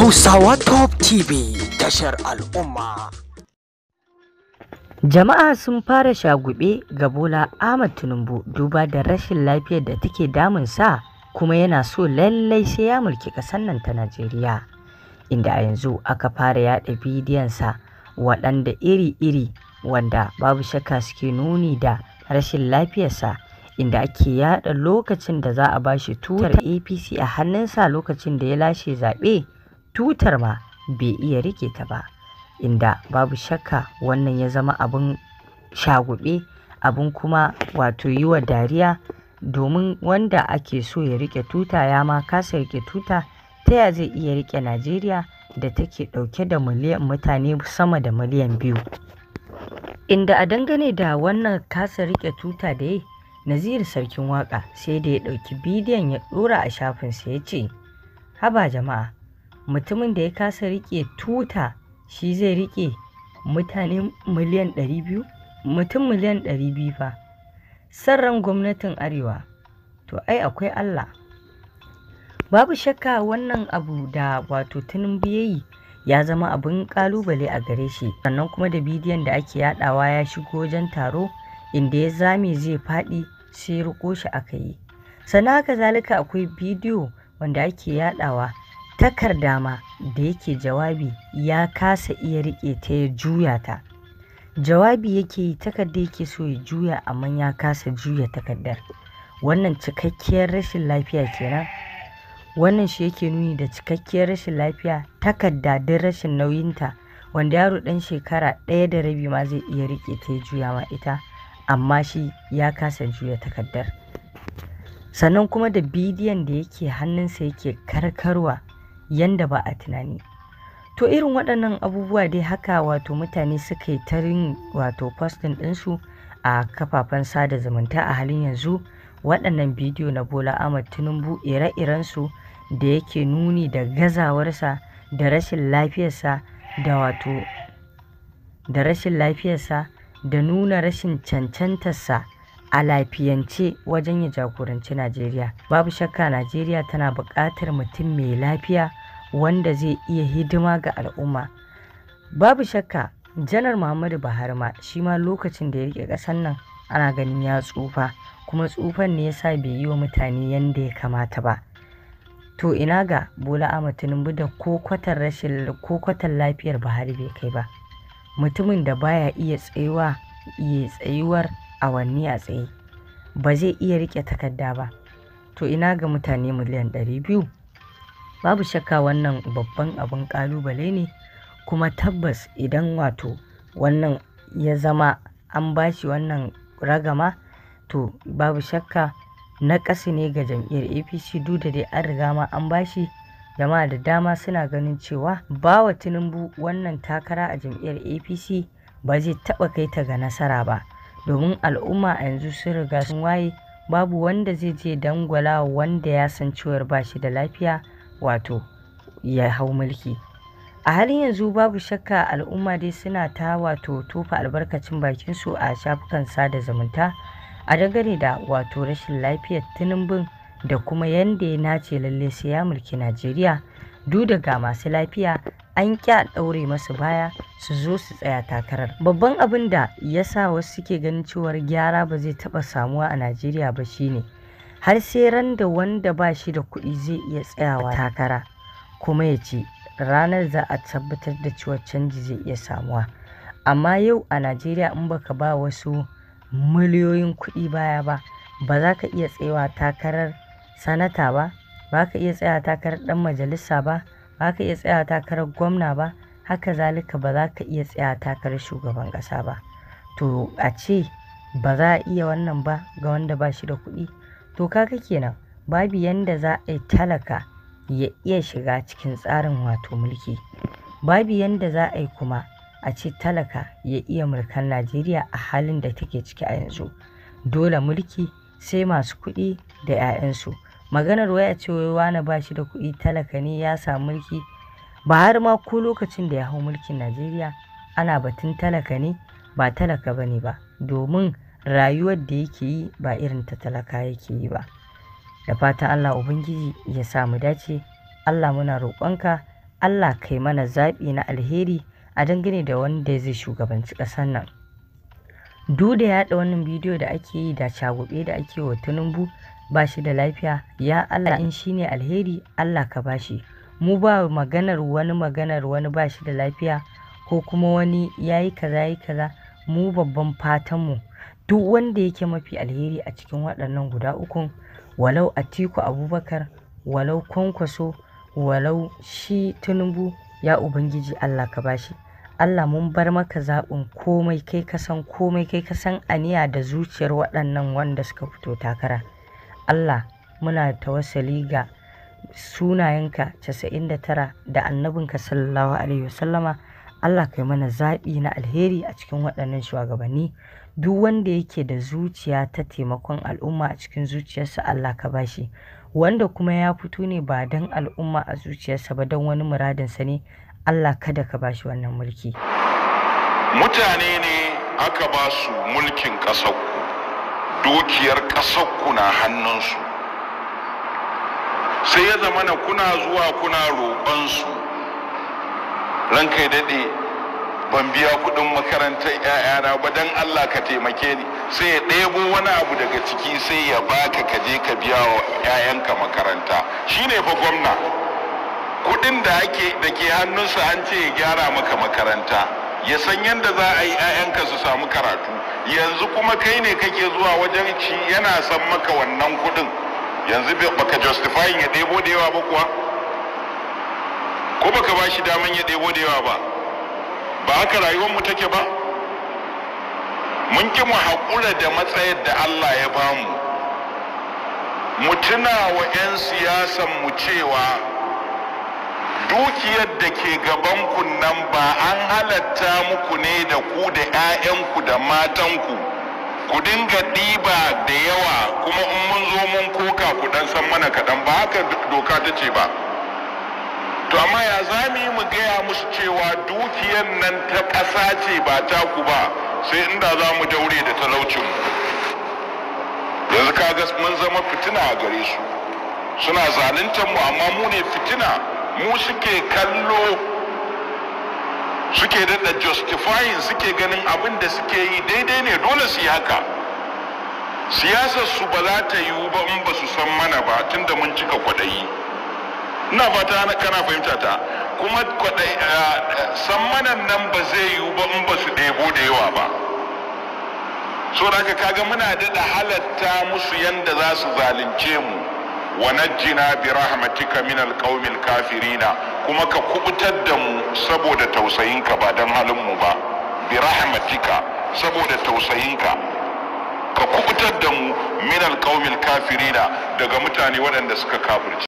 Hausawa Top TV tashar al'umma. Jama'a sun fara shagube ga Bola Ahmad Tinubu duba da rashin lafiyar da take damunsa kuma yana so lallai sai ya mulki ƙasar nan ta Najeriya. Inda a yanzu aka fara yaɗa bidiyonsa waɗanda iri-iri wanda babu shakka suke nuni da rashin lafiyarsa. inda ake yada lokacin da za a bashi tutar APC a hannunsa lokacin da ya lashe zaɓe tutar ma bai iya rike ta ba inda babu shakka wannan ya zama abin shagube abin kuma wato yi wa dariya domin wanda ake so ya rike tuta ya ma kasa rike tuta ta ya zai iya rike najeriya da take dauke da miliyan mutane sama da miliyan biyu inda a dangane da wannan kasa rike tuta da ya nazir sarkin waƙa sai da ya dauki bidiyon ya ɗora a shafinsa ya ce haba jama'a mutumin da ya kasa rike tuta shi zai rike mutane miliyan 200 mutum miliyan 200 fa sarran gwamnatin arewa to ai akwai allah babu shakka wannan abu da wato tunin biyayi ya zama abin kalubale a gare shi sannan kuma da bidiyon da ake yadawa ya shigo wajen taro inda ya zame zai faɗi sai riko shi aka yi sannan haka zalika akwai bidiyo wanda ake yadawa takarda ma da yake jawabi ya kasa iya riƙe ta ya juya ta jawabi yake yi takarda yake so ya juya amma ya kasa juya takardar wannan cikakkiyar rashin lafiya kenan wannan shi yake nuni da cikakkiyar rashin lafiya takarda don rashin nauyinta wanda yaro ɗan shekara ɗaya da rabi ma zai iya riƙe ta ya juya ma ita amma shi ya kasa juya takardar sannan kuma da bidiyon da yake hannunsa yake karkarwa yanda ba a tunani to irin waɗannan abubuwa dai haka wato mutane suka yi tarin wato postin ɗinsu a kafafen sada zumunta a halin yanzu waɗannan bidiyo na bola ahmad tinubu ire-irensu da yake nuni da gazawarsa da rashin lafiyarsa da wato da rashin lafiyarsa da nuna rashin cancantarsa a lafiyance wajen ya jagoranci Najeriya. Babu shakka Najeriya tana buƙatar mutum mai lafiya wanda zai iya hidima ga al'umma babu shakka janar muhammadu buhari ma shi ma lokacin da ya rike ƙasar nan ana ganin ya tsufa kuma tsufan ne yasa bai yi wa mutane yanda ya kamata ba to ina ga bola ahmad tinubu da ko rashin lafiyar buhari bai kai ba mutumin da baya iya tsayuwa iya tsayuwar awanni a tsaye ba zai iya rike takarda ba to ina ga mutane miliyan ɗari biyu? babu shakka wannan babban abin kalubale ne kuma tabbas idan wato wannan ya zama an bashi wannan ragama to babu shakka na ƙasa ne ga jam'iyyar apc duk da dai an riga ma an bashi jama'a da dama suna ganin cewa bawa tinubu wannan takara a jam'iyyar apc ba zai taɓa kai ta ga nasara ba domin al'umma a yanzu sun riga sun waye babu wanda zai je dangwala wanda ya san cewar ba shi da lafiya wato ya hau mulki a halin yanzu babu shakka al'umma dai suna ta wato tofa albarkacin bakin su a shafukan sada zumunta a dangane da wato rashin lafiyar tunumbin da kuma yadda ya nace lalle sai ya mulki najeriya duk daga masu lafiya an kya ɗaure masu baya su zo su tsaya takarar babban abin da ya sa wasu suke ganin cewar gyara ba zai taɓa samuwa a najeriya ba shine har sai ran da wanda ba shi da kuɗi zai iya tsayawa takara kuma ya ce ranar za a tabbatar da cewa canji zai iya samuwa amma yau a najeriya in baka ba wasu miliyoyin kuɗi baya ba ba za ka iya tsayawa takarar sanata ba ba ka iya tsayawa takarar ɗan majalisa ba ba ka iya tsayawa takarar gwamna ba haka zalika ba za ka iya tsayawa takarar shugaban ƙasa ba to a ce ba za a iya wannan ba ga wanda ba shi da kuɗi To kaga kenan babu yanda za a talaka ya iya shiga cikin tsarin wato mulki. Babu yanda za a yi kuma a ce talaka ya iya mulkan Najeriya a halin da take ciki a yanzu. Dole mulki sai masu kuɗi da 'ya'yansu. Maganar wai a ce wai wane ba shi da kuɗi talaka ne ya samu mulki. Ba har ma ko lokacin da ya hau mulkin Najeriya ana batun talaka ne ba talaka ba ne ba. Domin rayuwar da yake yi ba irin ta talaka yake yi ba da fata Allah ubangiji ya sa mu dace Allah muna roƙonka Allah kai mana zaɓi na alheri a dangane da wanda zai shugabanci ƙasar nan duk da yaɗa wannan bidiyo da ake yi da shagube da ake wa tunumbu ba shi da lafiya ya Allah in ne alheri Allah ka ba shi mu ba maganar wani maganar wani ba shi da lafiya ko kuma wani yayi kaza yayi kaza mu babban fatanmu duk wanda yake mafi alheri a cikin waɗannan guda ukun walau Atiku Abubakar walau Kwankwaso walau shi Tinubu ya Ubangiji Allah ka bashi Allah mun bar maka zaɓin komai kai ka komai kai kasan san aniya da zuciyar waɗannan wanda suka fito takara Allah muna tawassali ga sunayenka 99 da annabinka sallallahu alaihi wasallama Allah kai mana zaɓi na alheri a cikin waɗannan shugabanni duk wanda yake da zuciya ta taimakon al'umma a cikin zuciyarsa Allah ka bashi wanda kuma ya fito ne ba don al'umma a zuciyarsa ba don wani muradinsa ne Allah kada ka bashi wannan mulki mutane ne aka ba su mulkin ƙasarku dukiyar ƙasarku na hannunsu sai ya zamana kuna zuwa kuna roƙonsu ranka ya daɗe ban biya kuɗin makarantar 'ya'yana ba don Allah ka taimake ni sai ya ɗebo wani abu daga ciki sai ya baka ka je ka biya wa 'ya'yanka makaranta shine fa gwamna kuɗin da ake da ke hannunsa an ce ya gyara maka makaranta ya san yadda za a yi 'ya'yanka su samu karatu yanzu kuma kai ne kake zuwa wajen ci yana san maka wannan kuɗin yanzu baka justifying ya ɗebo da yawa ba kuwa ko baka ba shi daman ya debo da yawa ba ba haka rayuwar mu take ba mun ki mu haƙura da matsayar da Allah ya bamu mu tuna wa 'yan siyasan mu cewa dukiyar da ke gaban ku nan ba an halatta muku ne da ku da 'ya'yanku da matanku ku dinga ɗiba da yawa kuma in mun zo mun koka ku dan san mana kaɗan ba haka doka ta ce ba to amma ya za mu gaya musu cewa dukiyar nan ta ƙasa ce ba taku ba sai inda za mu daure da talaucin yanzu kaga mun zama fitina a gare su suna zaluntar mu amma mu ne fitina mu suke kallo suke daɗa justifying suke ganin abin da suke yi daidai ne dole su yi haka siyasar su ba za ta yiwu ba in ba su san mana ba tunda mun cika kwaɗayi ina fata kana fahimta ta kuma kwadai eh, eh, sammanan nan ba zai yiwu ba in ba su ɗebo da yawa ba so da kaga muna daɗa halatta musu yanda za su zalunce mu wanajjina bi rahmatika min alqaumil kafirina kuma ka kubutar da mu saboda tausayinka ba dan halin mu ba bi rahmatika saboda tausayinka ka kubutar da mu min kafirina daga mutane waɗanda suka kafirci